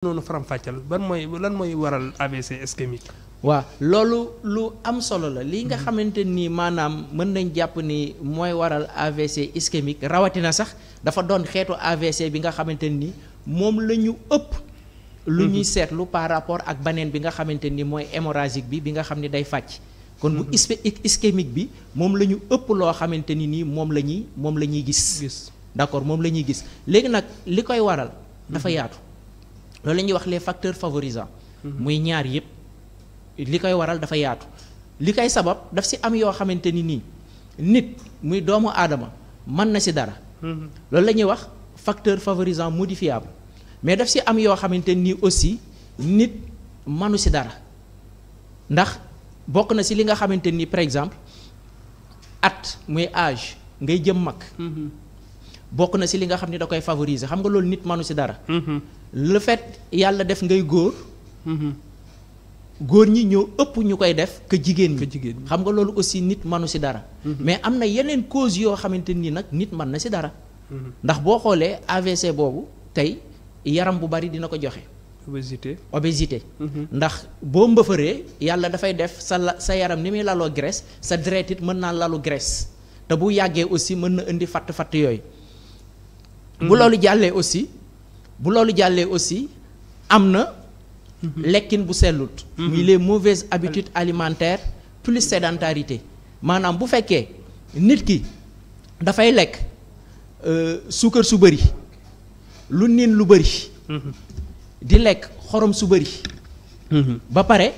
noonu faram fàccal ban mooy lan mooy waral AVC ischémique. waaw loolu lu am solo la li nga mhm. xamante ni maanaam mën nañ jàpp ni mooy waral AVC ischémique rawatina sax dafa doon xeetu AVC bi nga xamante ni moom la ñu ëpp. lu ñuy mhm. seetlu par rapport ak baneen bi nga xamante ni mooy hémorragique bi bi nga xam ni day fàcc. kon bu mhm. ischémique bi moom la ñu ëpp loo xamante ni nii moom la ñuy moom la ñuy gis. gis d'accord moom la ñuy gis léegi nag li koy waral. dafa yaatu. loolu la ñuy wax les facteurs favorisant mhm. muy ñaar yëpp li koy waral dafa yaatu. li koy sabab daf si am yoo xamante ni nii nit muy doomu aadama mën na si dara. Mhm. loolu la ñuy wax facteur favorisant modifiable mais daf si am yoo xamante nii aussi nit mënu si dara ndax bokk na si li nga xamante ni par exemple at muy age ngay jëm mag. Mhm. bokk na si li nga xam ni da koy favoriser xam nga loolu nit manu si dara. Mm-hmm. le fait yàlla def ngay góor. Mm-hmm. góor ñi ñëw ëpp ñu koy def que jigéen ñi xam nga loolu aussi nit manu si dara. Mm-hmm. mais am na yeneen cause yoo xamante ni nag nit mën na si dara. ndax boo xoolee AVC boobu tey yaram bu bari dina ko joxe. obésité obésité. ndax boo mbëfëree yàlla dafay def sa la sa yaram ni muy laloo graisse sa deret it mën naa lalu graisse te bu yàggee aussi mën na indi fatt fatt yooyu. bu loolu jàllee aussi bu loolu jàllee aussi am na lekkin bu sellut muy les mauvaises habitudes alimentaires plus sédentarité maanaam bu fekkee nit ki dafay lekk euh, suukar su bëri lu niin lu bëri di lekk xorom su bëri ba pare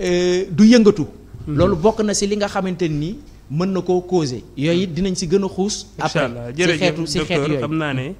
euh, du yëngatu mhm. loolu bokk na si li nga xamante nii mën na koo causer yooyu it dinañ si gën a xuus. après si xeetu si xeet yooyu naa ne